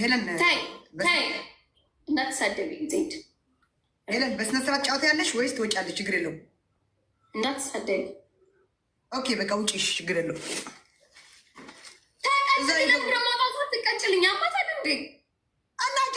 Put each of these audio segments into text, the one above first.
ሄለን እንዳትሳደቢ፣ ዜድ ሄለን በስነ ስርዓት ጫወታ ያለሽ ወይስ ትወጫለሽ? ችግር የለውም እንዳትሳደቢ። ኦኬ በቃ ውጪ፣ ችግር የለውም። ተቀጭልኝ አማታ ድንዴ አናጃ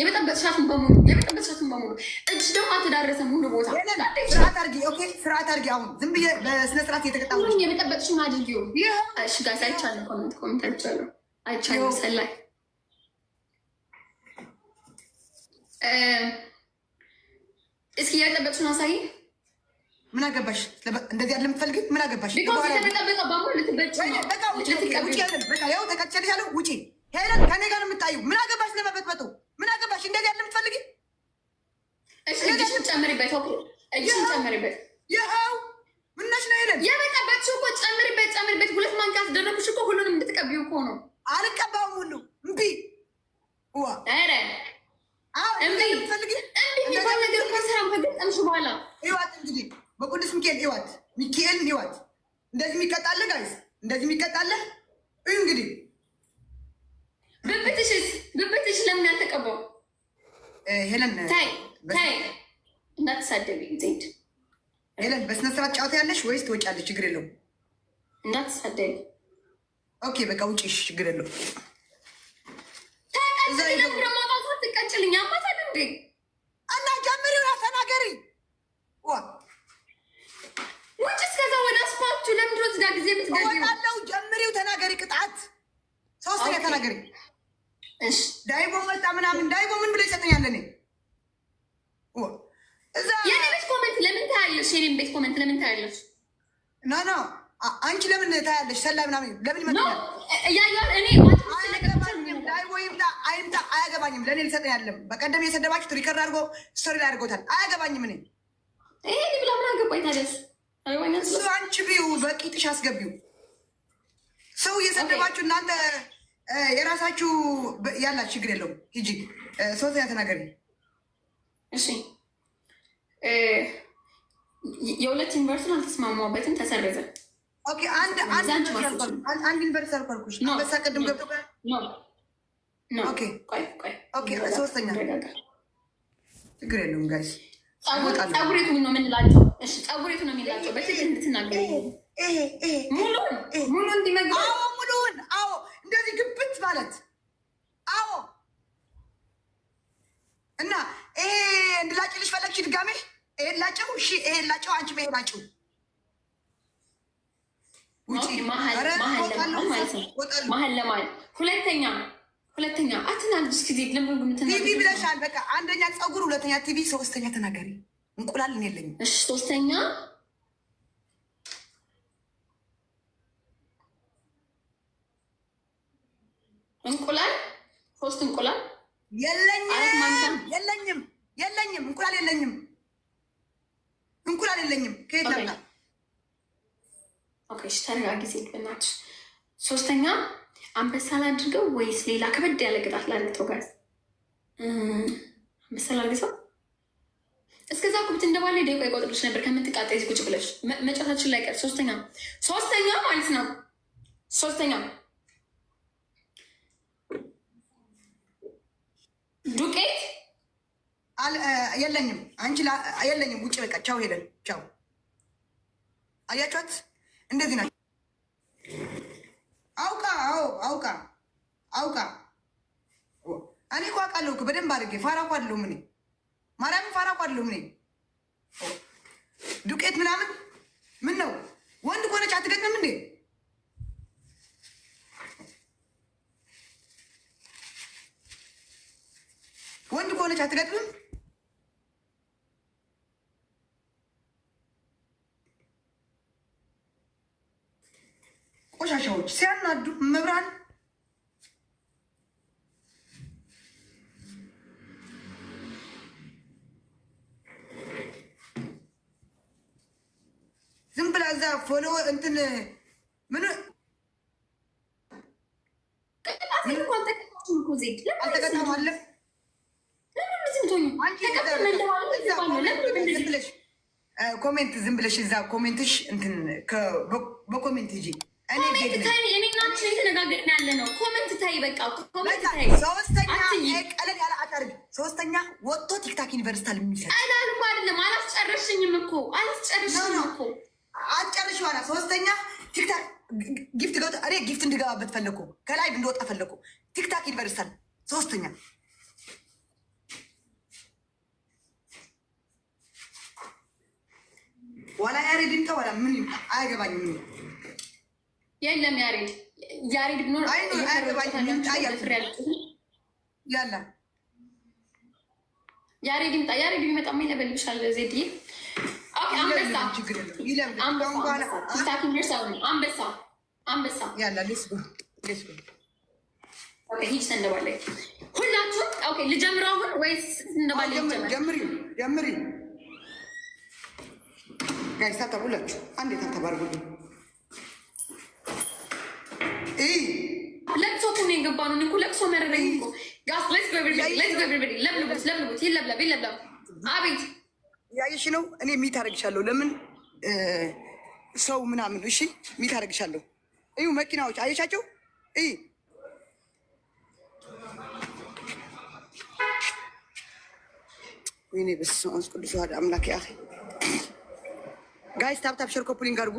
የበጠበጥሻትን በሙሉ የበጠበጥሻትን በሙሉ እጅ ደግሞ አልተዳረሰ ሙሉ ቦታ ስርዓት አድርጊ። ኦኬ ስርዓት አድርጊ። አሁን ዝም ብዬ በስነ ስርዓት እየተቀጣሁ ነው። የበጠበጥሽውን አድርጊው። እሺ ጋይስ አይቻልም። ኮሜንት ኮሜንት አይቻልም፣ አይቻልም። ሰላይ እስኪ የበጠበጥሽውን አሳይ። ምን አገባሽ? እንደዚህ ያለ የምትፈልጊው። ምን አገባሽ? ተጠበቀ በሙሉ ልትበጭ በቃ ውጪ ያለ በቃ ያው ተቀጨልሽ ያለው ውጪ ሄለን ከኔ ጋር የምታዩ ምን አገባሽ ለመበጥበጡ እጅሽን ጨምሪበት፣ እጅሽን ጨምሪበት። ይኸው ምነሽ ነው ሄደን የበጠበትሽው እኮ ጨምሪበት፣ ጨምሪበት። ሁለት ማንኪያ አስደረጉሽ እኮ ሁሉንም እንድትቀቢው እኮ ነው። አልቀባውም ሁሉ እምቢ ኧረ በኋላ ይዋት እንግዲህ ብብትሽስ፣ ብብትሽ ለምን ያልተቀባው ሄለን ታይ እንዳትሳደቢ ዜድ ሄለን በስነ ስርዓት ጫወታ ያለሽ ወይስ ትወጫለሽ? ችግር የለውም። እንዳትሳደቢ። ኦኬ በቃ ውጪሽ፣ ችግር የለው ተቀጭልኝ ደግሞ ትቀጭልኝ አማታ የኔን ቤት ኮመንት ለምን ታያለች? ኖ ኖ አንቺ ለምን ታያለች? ሰላይ ምናምን ለምን ይመጣል? እያየሁ አይምጣ አያገባኝም። ለእኔ ልሰጠ ያለም በቀደም የሰደባችሁት ሪከርድ አድርጎ ስቶሪ ላይ አድርጎታል። አያገባኝም። እኔ ይሄ ብላ ምን አገባኝ ታዲያ? እሱ አንቺ ቢው በቂጥሽ አስገቢው ሰው እየሰደባችሁ እናንተ የራሳችሁ ያላችሁ ችግር የለውም። ሂጂ ሶስተኛ ተናገሪ እሺ የሁለት ዩኒቨርሲቲውን አልተስማማበትም፣ ተሰረዘ። አንድ ዩኒቨርሲቲ አልኳልኩሽ። ቅድም ችግር የለውም ነው የምንላቸው። እሺ ነው የሚላቸው ሙሉን ሙሉ ሙሉን። አዎ እንደዚህ ግብት ማለት አዎ እና ላጨው፣ እሺ ይሄ ላጨው፣ አንቺ ይሄ ላጨው። መሀል ሁለተኛ ቲቪ ብለሻል። በቃ አንደኛ ፀጉር፣ ሁለተኛ ቲቪ፣ ሶስተኛ ተናገሪ እንቁላል። እኔ የለኝም። እሺ ሶስተኛ እንቁላል፣ ሶስት እንቁላል የለኝም፣ የለኝም፣ የለኝም፣ እንቁላል የለኝም። የለኝም። ከየት ላምጣ? ጊዜ ልብናች። ሶስተኛ አንበሳ ላድርገው ወይስ ሌላ ከበድ ያለ ቅጣት ላለጠው? ጋር አንበሳ ላድርገው። እስከዛ ቁብት እንደባለ ደቂቃ ይቆጥሮች ነበር። ከምትቃጠይ ቁጭ ብለሽ መጫታችን ላይ ቀር ሶስተኛ ሶስተኛ ማለት ነው ሶስተኛ የለኝም፣ አንቺ የለኝም፣ ውጭ በቃ ቻው፣ ሄደን ቻው። አያችኋት፣ እንደዚህ ናቸው። አውቃ አዎ፣ አውቃ አውቃ። እኔ እኮ አውቃለሁ በደንብ አድርጌ። ፋራ እኮ አይደለሁም እኔ፣ ፋራ እኮ አይደለሁም እኔ። ዱቄት ምናምን ምን ነው ወንድ ከሆነች አትገጥምም እንዴ? ወንድ ከሆነች አትገጥምም ቆሻሻዎች ሲያናዱ መብራን ዝም ብላ እዛ ፎሎ እንትን ምን ኮሜንት ዝም ብለሽ እዛ ኮሜንትሽ እንትን በኮሜንት ሂጂ ኮሜንት ታይ፣ እኔ አንቺ እየተነጋገርን ያለ ነው። ኮሜንት ታይ፣ በቃ ኮሜንት ታይ። ሶስተኛ ቀለል ያለ አታርግ። ሶስተኛ ወጥቶ ቲክታክ ዩኒቨርሲታል የሚሰጥ አላልኩ አይደለም። አላስጨረሽኝም እኮ አላስጨረሽኝም እኮ አጨርሽ ኋላ ሶስተኛ ቲክታክ ጊፍት ሎት እኔ ጊፍት እንድገባበት ፈለኩ፣ ከላይ እንድወጣ ፈለኩ። ቲክታክ ዩኒቨርሲታል ሶስተኛ ዋላ ያሬድን ከዋላ ምን አይገባኝም። የለም ያሬድ ያሬድ ቢኖር ያለ ያሬድ ይምጣ። ያሬድ ቢመጣማ ይለበልብሻል። ዜድ አንበሳ ሁላችሁም ልጀምር አሁን ወይስ ጀምሪ ጀምሪ ጋይሳ ተቡላችሁ አንዴ ተባርጉልኝ ለቅሶ እኮ ነው የገባ ነው እኮ ለቅሶ መረረኝ እኮ ጋስ ሌስ በብርብሪ ለምልቡት ለምልቡት ይለብለብ ይለብለብ አቤት ያየሽ ነው። እኔ ሚት አደርግሻለሁ። ለምን ሰው ምናምን እሺ፣ ሚት አደርግሻለሁ። እዩ መኪናዎች አየሻቸው። እይ ወይኔ በስመ አብ ቅዱስ ዋህድ አምላክ ያ ጋይስ ታፕታፕ ሸርኮ ፑሊንግ አድርጉ።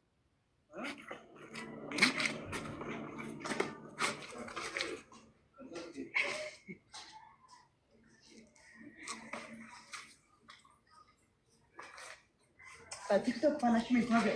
TikTok 話もいきます。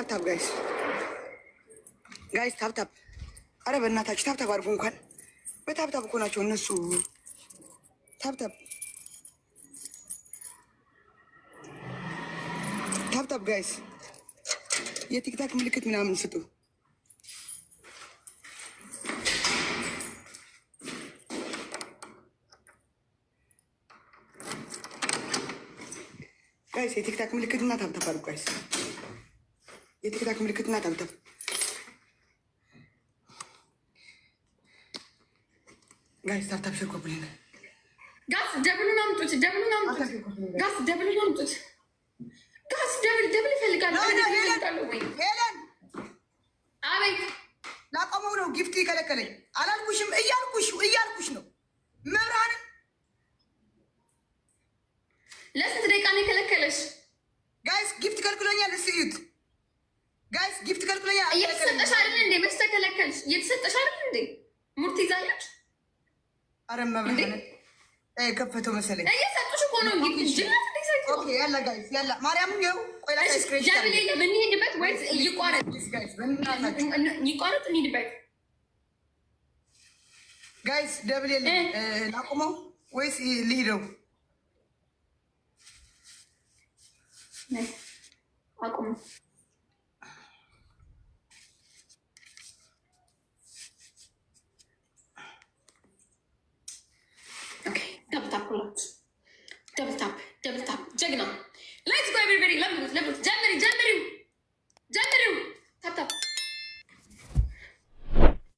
ታብታብ ጋይስ ጋይስ ታብታብ። አረ በእናታችሁ ታብታብ አድርጉ እንኳን በታብታብ እኮ ናቸው እነሱ። ታብታብ ታብታብ ጋይስ የቲክታክ ምልክት ምናምን ስጡ። ጋይስ የቲክታክ ምልክት እና ታብታብ አድርጉ ጋይስ። የቲክታክ ምልክትና ጠብጠብ ጋይስ ታብታብ ሸርኮብልን ጋስ ደብሉን አምጡት፣ ደብሉን አምጡት፣ ጋስ ደብሉን አምጡት፣ ጋስ ደብል ደብል እፈልጋለሁ። አቤት፣ ላቆመው ነው ጊፍት የከለከለኝ አላልኩሽም? እያልኩሽ እያልኩሽ ነው ከፈተው መሰለኝ እየሰጡሽ እኮ ነው። ማርያምን ይኸው እንሂድበት ወይስ ይቋረጥ? እንሂድበት ጋይስ ደብል የለ ላቁመው ወይስ ልሂደው? አቁመው ሞት ደብል ታፕ ደብል ታፕ ጀግና ሌትስ ጎ ኤቨሪበዲ ለምዱት ለምዱት ጀምሪ ጀምሪው ጀምሪው ታፕ ታፕ